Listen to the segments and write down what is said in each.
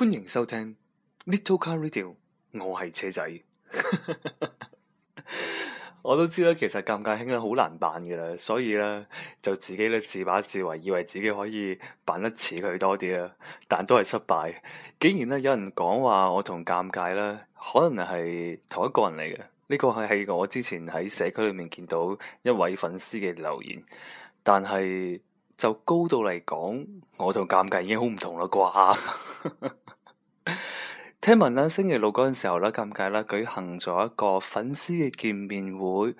歡迎收聽 Little Car Radio。我係車仔， 我都知啦。其實尷尬兄咧好難扮嘅啦，所以咧就自己咧自把自為，以為自己可以扮得似佢多啲啦，但都係失敗。竟然咧有人講話我同尷尬咧可能係同一個人嚟嘅。呢個係係我之前喺社區裏面見到一位粉絲嘅留言，但係就高度嚟講，我同尷尬已經好唔同啦啩。 聽聞咧星期六嗰陣時候咧，尷尬啦，舉行咗一個粉絲嘅見面會，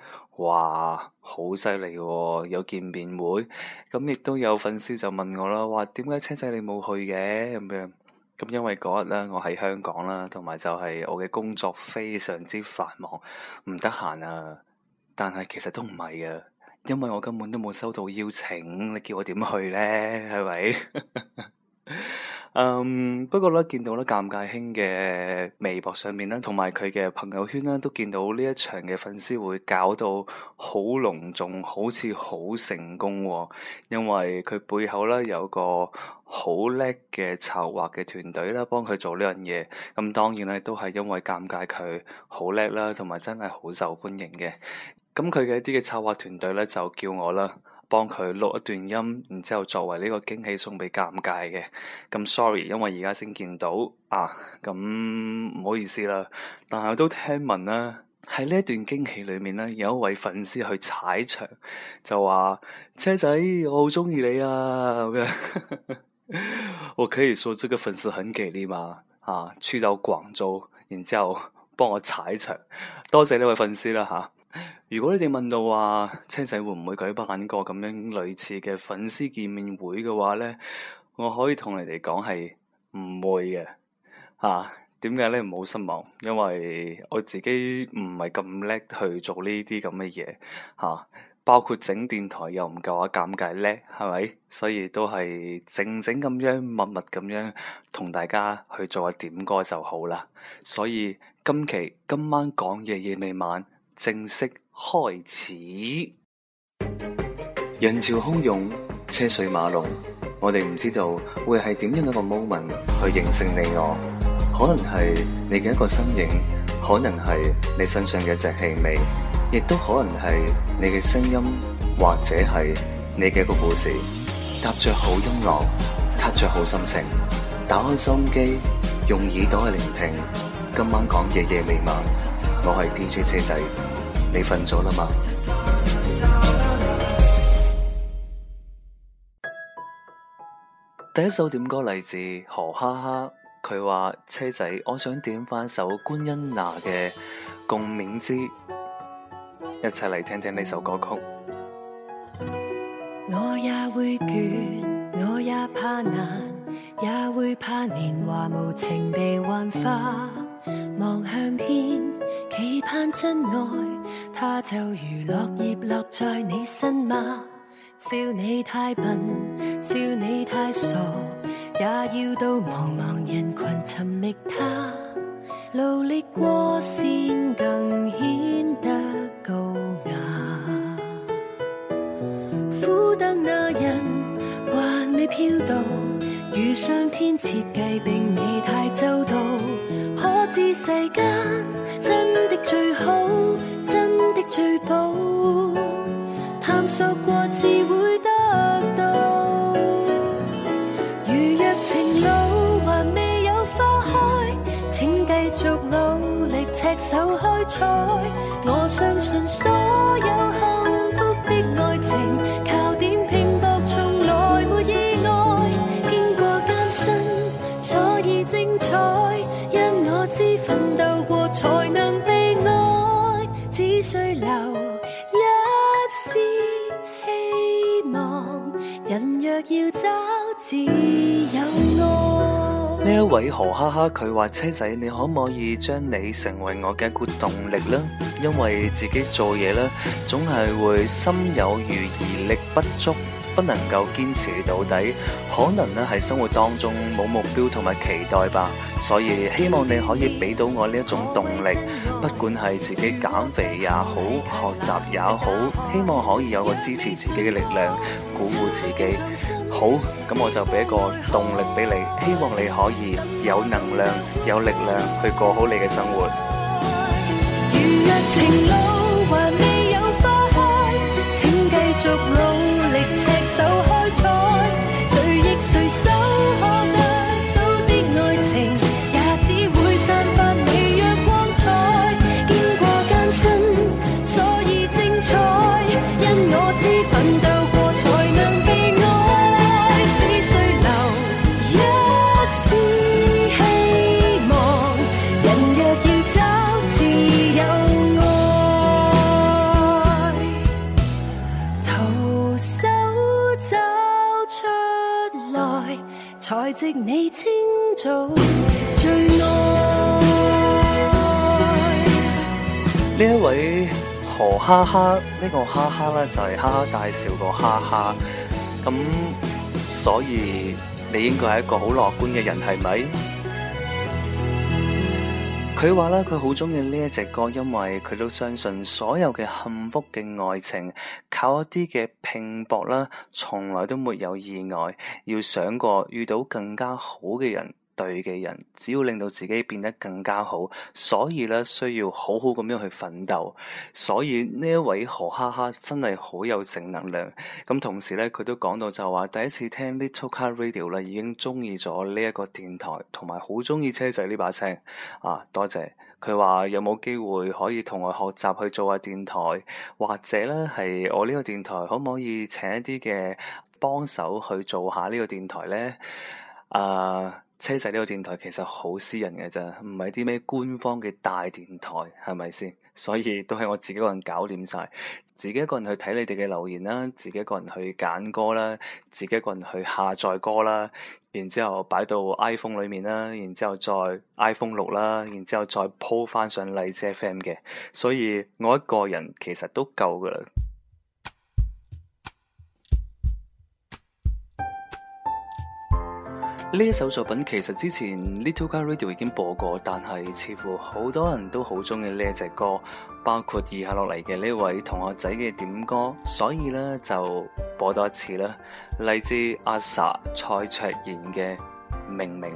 哇，好犀利喎，有見面會，咁亦都有粉絲就問我啦，話點解車仔你冇去嘅咁樣？咁因為嗰日咧我喺香港啦，同埋就係我嘅工作非常之繁忙，唔得閒啊。但係其實都唔係嘅，因為我根本都冇收到邀請，你叫我點去咧？係咪？ 嗯，um, 不過咧，見到咧，尷尬兄嘅微博上面咧，同埋佢嘅朋友圈咧，都見到呢一場嘅粉絲會搞到好隆重，好似好成功喎，哦。因為佢背後咧有個好叻嘅策劃嘅團隊咧，幫佢做呢樣嘢。咁、嗯、當然咧，都係因為尷尬佢好叻啦，同埋真係好受歡迎嘅。咁佢嘅一啲嘅策劃團隊咧，就叫我啦。幫佢錄一段音，然之後作為呢個驚喜送畀尷尬嘅。咁、嗯、sorry，因為而家先見到啊，咁、嗯、唔好意思啦。但係我都聽聞啦，喺呢一段驚喜裏面咧，有一位粉絲去踩場，就話車仔我好鍾意你啊！ 我可以說，這個粉絲很給力嘛？啊，去到廣州，然之後幫我踩場，多謝呢位粉絲啦吓。啊如果你哋問到話，車仔會唔會舉辦個咁樣類似嘅粉絲見面會嘅話咧，我可以同你哋講係唔會嘅吓。點解咧？唔好失望，因為我自己唔係咁叻去做呢啲咁嘅嘢吓，包括整電台又唔夠我、啊、尷尬叻，係咪？所以都係靜靜咁樣，默默咁樣同大家去做下點歌就好啦。所以今期今晚講嘢，夜未晚。正式開始，人潮洶湧，車水馬龍，我哋唔知道會係點樣一個 moment 去形成你我，可能係你嘅一個身影，可能係你身上嘅一隻氣味，亦都可能係你嘅聲音，或者係你嘅一個故事，搭着好音樂，踏着好心情，打開收音機，用耳朵去聆聽，今晚講夜夜美滿，我係 DJ 車仔。你瞓咗啦嘛？第一首點歌嚟自何哈哈，佢話，車仔，我想點翻首官恩娜嘅《共鳴之》，一齊嚟聽聽呢首歌曲。我也會倦，我也怕難，也會怕年華無情地幻化。望向天，期盼真愛，他就如落葉落在你身嗎？笑你太笨，笑你太傻，也要到茫茫人群尋覓他。努力過先更顯得高雅，苦等那人還未飄到，如上天設計並未太。我相信。位何哈哈佢話，車仔，你可唔可以將你成為我嘅一股動力咧？因為自己做嘢咧，總係會心有餘而力不足。不能夠堅持到底，可能呢係生活當中冇目標同埋期待吧，所以希望你可以俾到我呢一種動力，不管係自己減肥也好，學習也好，希望可以有個支持自己嘅力量，鼓舞自己。好，咁我就俾一個動力俾你，希望你可以有能量、有力量去過好你嘅生活。哈哈，呢、這個哈哈咧，就係哈哈大笑個哈哈咁，所以你應該係一個好樂觀嘅人，係咪？佢話咧，佢好鍾意呢一隻歌，因為佢都相信所有嘅幸福嘅愛情靠一啲嘅拼搏啦，從來都沒有意外。要想過遇到更加好嘅人，對嘅人，只要令到自己變得更加好，所以咧，需要好好咁樣去奮鬥。所以呢一位何哈哈真係好有正能量咁，同時咧佢都講到就話第一次聽 Little Car Radio 啦，已經中意咗呢一個電台，同埋好中意車仔呢把聲啊！多謝佢話有冇機會可以同我學習去做下電台，或者咧係我呢個電台可唔可以請一啲嘅幫手去做下呢個電台呢？啊」誒。車仔呢個電台其實好私人嘅啫，唔係啲咩官方嘅大電台，係咪先？所以都係我自己一個人搞掂晒，自己一個人去睇你哋嘅留言啦，自己一個人去揀歌啦，自己一個人去下載歌啦，然之後擺到 iPhone 裏面啦，然之後再 iPhone 錄啦，然之後再 po 翻上荔枝 FM 嘅，所以我一個人其實都夠噶啦。呢一首作品其實之前 Little Car Radio 已經播過，但係似乎好多人都好中意呢一隻歌，包括以下落嚟嘅呢位同學仔嘅點歌，所以咧就播多一次啦，嚟自阿 Sa 蔡卓妍嘅《明明》。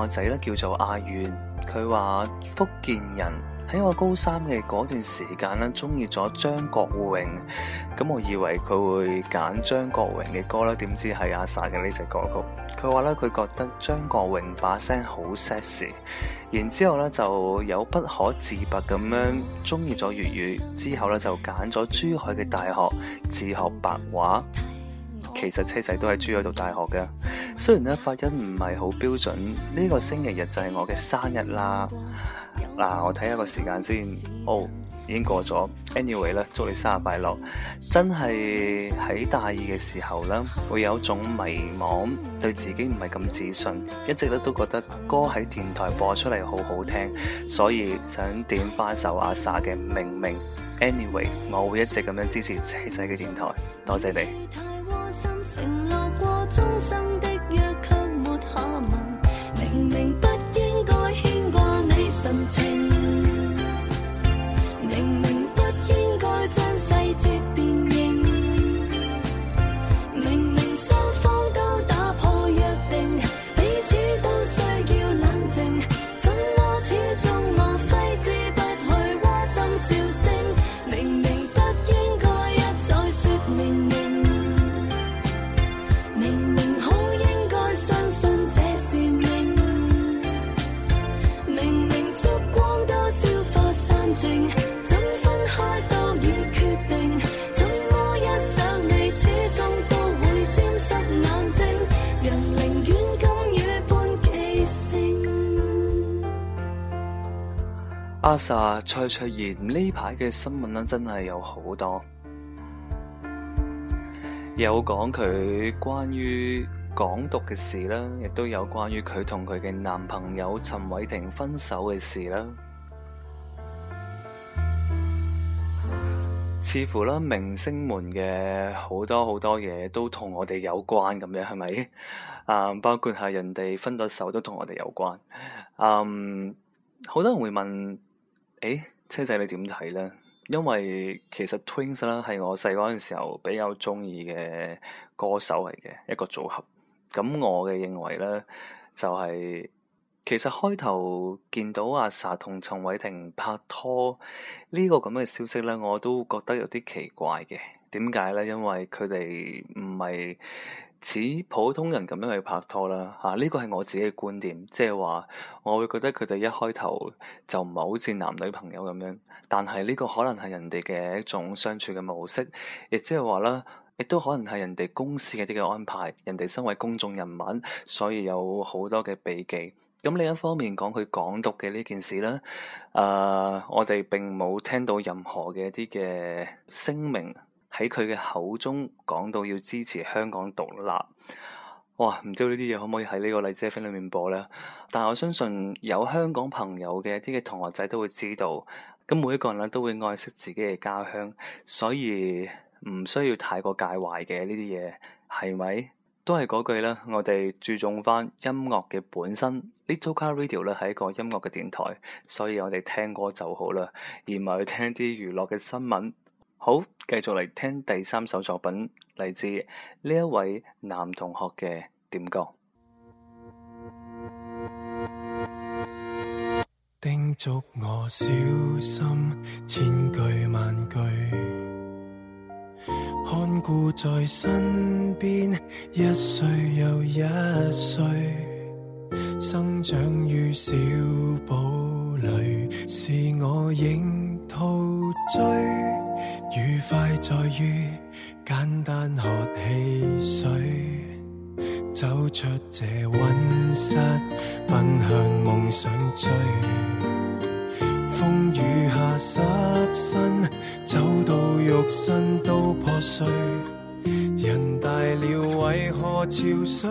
個仔咧叫做阿遠，佢話福建人，喺我高三嘅嗰段時間咧，中意咗張國榮，咁我以為佢會揀張國榮嘅歌啦，點知係阿 Sa 嘅呢隻歌曲。佢話咧佢覺得張國榮把聲好 sexy，然之後咧就有不可自拔咁樣中意咗粵語，之後咧就揀咗珠海嘅大學自學白話。其實車仔都喺珠海讀大學嘅，雖然咧發音唔係好標準。呢、這個星期日就係我嘅生日啦。嗱、啊，我睇下個時間先。哦，已經過咗。Anyway 咧，祝你生日快樂！真係喺大二嘅時候咧，會有一種迷茫，對自己唔係咁自信，一直咧都覺得歌喺電台播出嚟好好聽，所以想點翻首阿 Sa 嘅《命名》。Anyway，我會一直咁樣支持車仔嘅電台，多謝你。心承諾過終生的約，卻沒下文。明明不應該牽掛你神情。阿 Sa，蔡卓妍呢排嘅新聞咧，真係有好多，有講佢關於港獨嘅事啦，亦都有關於佢同佢嘅男朋友陳偉霆分手嘅事啦。似乎啦，明星們嘅好多好多嘢都同我哋有關咁樣，係咪？啊，包括係人哋分咗手都同我哋有關。嗯，好多人會問。誒、欸，車仔你點睇呢？因為其實 Twins 啦，係我細嗰陣時候比較中意嘅歌手嚟嘅一個組合。咁我嘅認為呢，就係、是，其實開頭見到阿 Sa 同陳偉霆拍拖呢、這個咁嘅消息呢，我都覺得有啲奇怪嘅。點解呢？因為佢哋唔係。似普通人咁樣去拍拖啦，嚇呢個係我自己嘅觀點，即係話我會覺得佢哋一開頭就唔係好似男女朋友咁樣，但係呢個可能係人哋嘅一種相處嘅模式，亦即係話啦，亦都可能係人哋公司嘅啲嘅安排，人哋身為公眾人物，所以有好多嘅避忌。咁另一方面講佢港獨嘅呢件事啦，誒、啊、我哋並冇聽到任何嘅一啲嘅聲明。喺佢嘅口中講到要支持香港獨立，哇！唔知道呢啲嘢可唔可以喺呢個例子嘅粉裏面播呢？但我相信有香港朋友嘅啲嘅同學仔都會知道，咁每一個人呢都會愛惜自己嘅家鄉，所以唔需要太過介懷嘅呢啲嘢，係咪都係嗰句啦。我哋注重翻音樂嘅本身，Little Car Radio 咧係一個音樂嘅電台，所以我哋聽歌就好啦，而唔係去聽啲娛樂嘅新聞。好，繼續嚟聽第三首作品，嚟自呢一位男同學嘅點歌。叮囑我小心，千句萬句，看顧在身邊，一歲又一歲，生長於小堡壘，是我仍陶醉。愉快在於簡單喝汽水，走出這溫室，奔向夢想追。風雨下濕身，走到肉身都破碎。人大了，為何憔悴？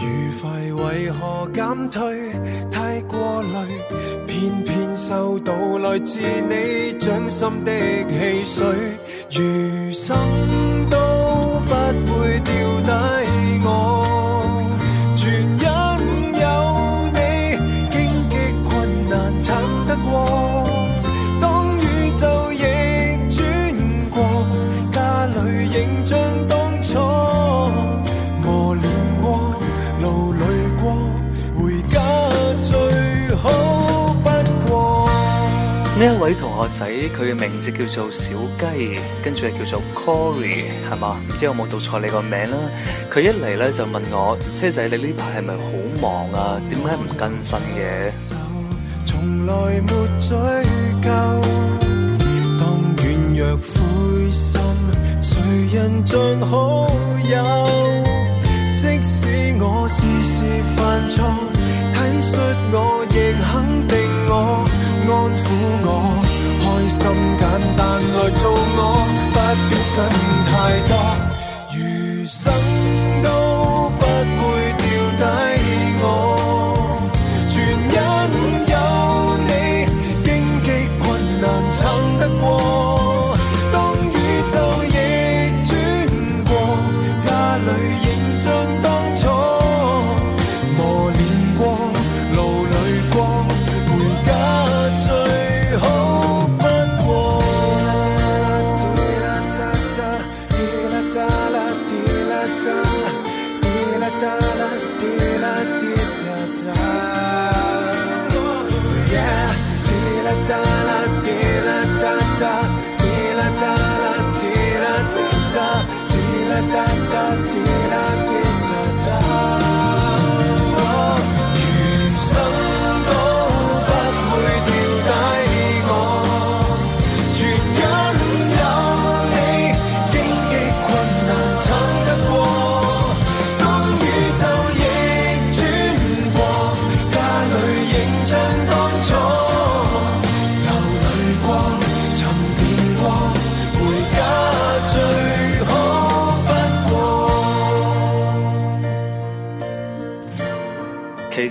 愉快為何減退？太過累，偏偏收到來自你掌心的汽水，餘生都不會掉低我。女同學仔佢嘅名字叫做小雞，跟住係叫做 Corey，係嘛？唔知有冇讀錯你個名啦。佢一嚟咧，就問我，車仔你呢排係咪好忙啊？點解唔更新嘅？諗太多。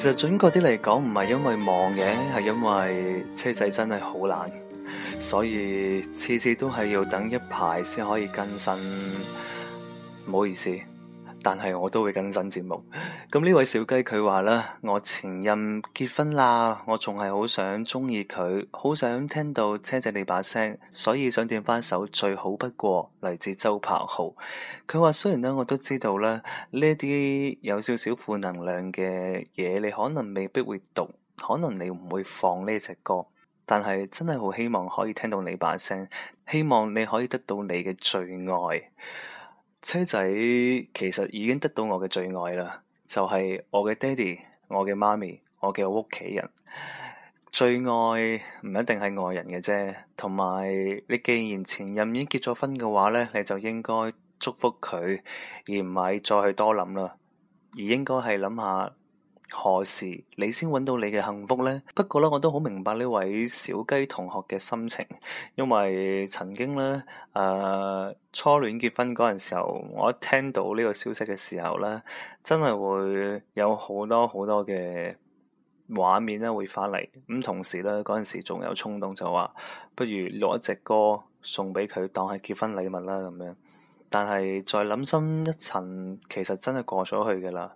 其實準確啲嚟講，唔係因為忙嘅，係因為車仔真係好難，所以次次都係要等一排先可以更新，唔好意思。但係我都會更新節目。咁呢位小雞佢話啦：，我前任結婚啦，我仲係好想鍾意佢，好想聽到車仔你把聲，所以想點翻首最好不過嚟自周柏豪。佢話：雖然呢，我都知道咧呢啲有少少負能量嘅嘢，你可能未必會讀，可能你唔會放呢隻歌，但係真係好希望可以聽到你把聲，希望你可以得到你嘅最愛。妻仔其實已經得到我嘅最愛啦，就係我嘅爹哋、我嘅媽咪、我嘅屋企人。最愛唔一定係外人嘅啫，同埋你既然前任已經結咗婚嘅話咧，你就應該祝福佢，而唔係再去多諗啦，而應該係諗下。何時你先搵到你嘅幸福呢？不過咧，我都好明白呢位小雞同學嘅心情，因為曾經咧，誒、呃、初戀結婚嗰陣時候，我一聽到呢個消息嘅時候咧，真係會有好多好多嘅畫面咧會返嚟，咁同時咧嗰陣時仲有衝動就話，不如錄一隻歌送俾佢當係結婚禮物啦咁樣。但係再諗深一層，其實真係過咗去㗎喇。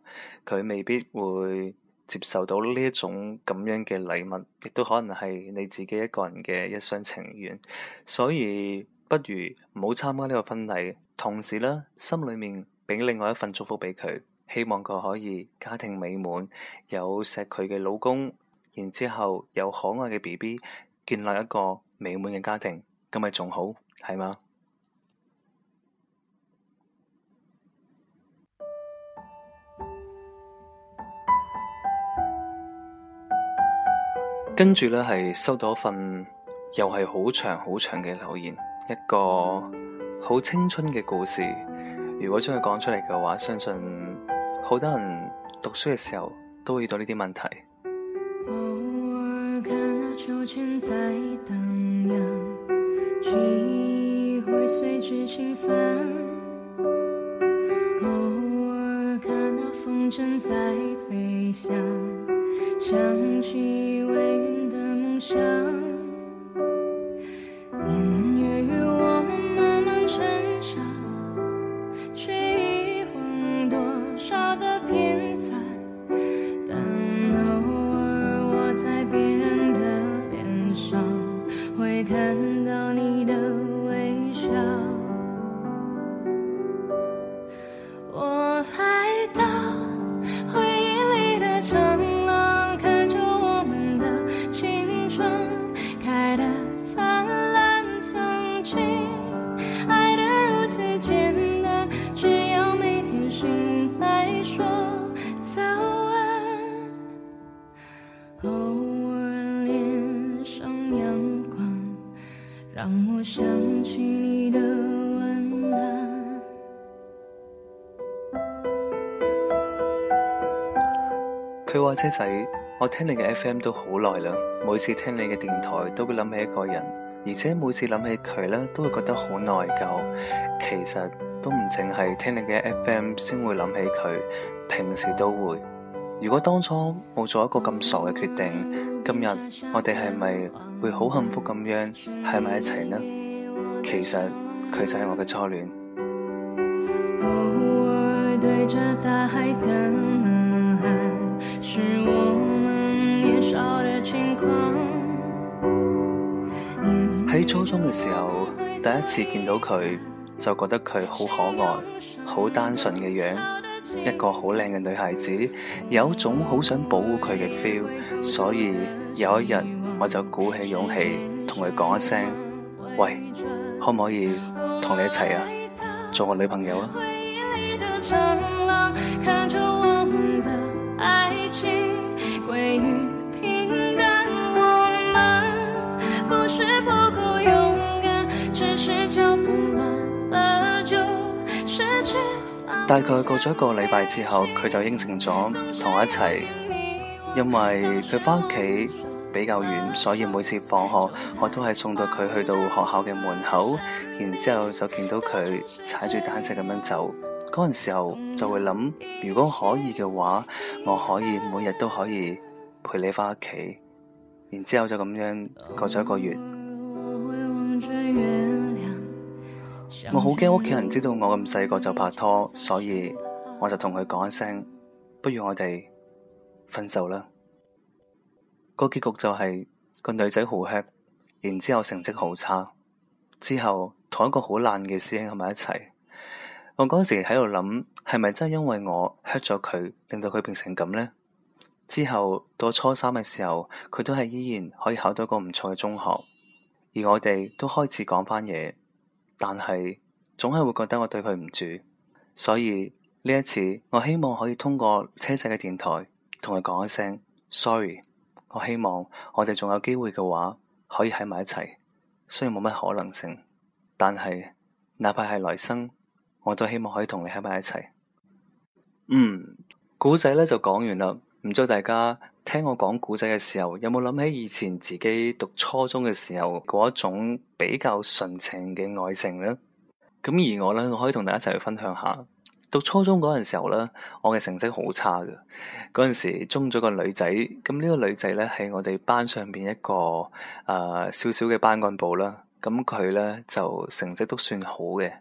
佢未必會接受到呢一種咁樣嘅禮物，亦都可能係你自己一個人嘅一廂情願。所以不如唔好參加呢個婚禮，同時呢，心裏面畀另外一份祝福俾佢，希望佢可以家庭美滿，有錫佢嘅老公，然之後有可愛嘅 BB，建立一個美滿嘅家庭，咁咪仲好係嘛？跟住咧，係收到一份又係好長好長嘅留言，一個好青春嘅故事。如果將佢講出嚟嘅話，相信好多人讀書嘅時候都會遇到呢啲問題。偶爾看那秋千在蕩漾，記憶會隨之輕泛；偶爾看那風箏在飛翔。 想起微雲的夢想。開車仔，我聽你嘅 FM 都好耐啦，每次聽你嘅電台都會諗起一個人，而且每次諗起佢咧都會覺得好內疚。其實都唔淨係聽你嘅 FM 先會諗起佢，平時都會。如果當初冇做一個咁傻嘅決定，今日我哋係咪會好幸福咁樣喺埋一齊呢？其實佢就係我嘅初戀。 喺初中嘅時候，第一次見到佢，就覺得佢好可愛，好單純嘅樣，一個好靚嘅女孩子，有種好想保護佢嘅 feel，所以有一日我就鼓起勇氣同佢講一聲：喂，可唔可以同你一齊啊？做我女朋友啊？大概過咗一個禮拜之後，佢就應承咗同我一齊，因為佢翻屋企比較遠，所以每次放學我都係送到佢去到學校嘅門口，然之後就見到佢踩住單車咁樣走。嗰陣時候就會諗，如果可以嘅話，我可以每日都可以陪你返屋企。然之後就咁樣過咗一個月，哦、我好驚屋企人知道我咁細個就拍拖，所以我就同佢講一聲，不如我哋分手啦。個結局就係、是、個女仔好吃，然之後成績好差，之後同一個好爛嘅師兄喺埋一齊。我嗰時喺度諗，係咪真係因為我 hurt 咗佢，令到佢變成咁呢？之後到初三嘅時候，佢都係依然可以考到個唔錯嘅中學，而我哋都開始講翻嘢，但係總係會覺得我對佢唔住，所以呢一次我希望可以通過車仔嘅電台同佢講一聲 sorry。我希望我哋仲有機會嘅話，可以喺埋一齊，雖然冇乜可能性，但係哪怕係來生。我都希望可以同你喺埋一齊。嗯，古仔咧就講完啦。唔知道大家聽我講古仔嘅時候，有冇諗起以前自己讀初中嘅時候嗰一種比較純情嘅愛情咧？咁而我咧，我可以同大家一齊去分享下。讀初中嗰陣時候咧，我嘅成績好差嘅。嗰陣時中咗個女仔，咁呢個女仔咧係我哋班上邊一個誒、呃，小小嘅班幹部啦。咁佢咧就成績都算好嘅。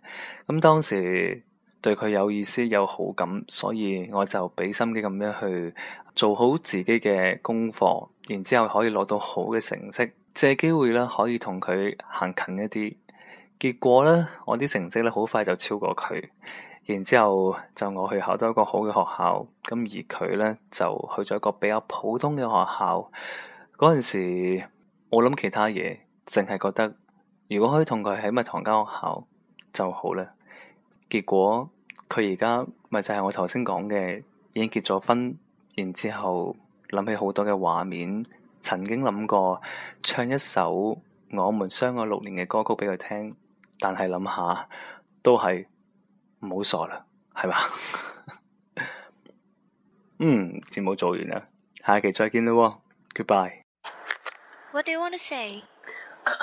咁當時對佢有意思有好感，所以我就畀心機咁樣去做好自己嘅功課，然之後可以攞到好嘅成績，借機會咧可以同佢行近一啲。結果咧，我啲成績咧好快就超過佢，然之後就我去考到一個好嘅學校，咁而佢咧就去咗一個比較普通嘅學校。嗰陣時，我諗其他嘢，淨係覺得。如果可以同佢喺埋同間學校就好啦。結果佢而家咪就係、是、我頭先講嘅，已經結咗婚，然之後諗起好多嘅畫面，曾經諗過唱一首我們相愛六年嘅歌曲畀佢聽，但係諗下都係唔好傻啦，係嘛？ 嗯，節目做完啦，下期再見咯，goodbye。What do you want to say？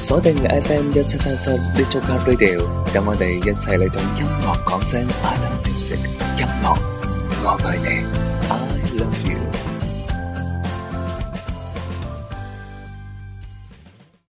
鎖定 F M 一七七七的珠江 radio，等我哋一齊嚟同音樂講聲快樂美食，音樂我愛你。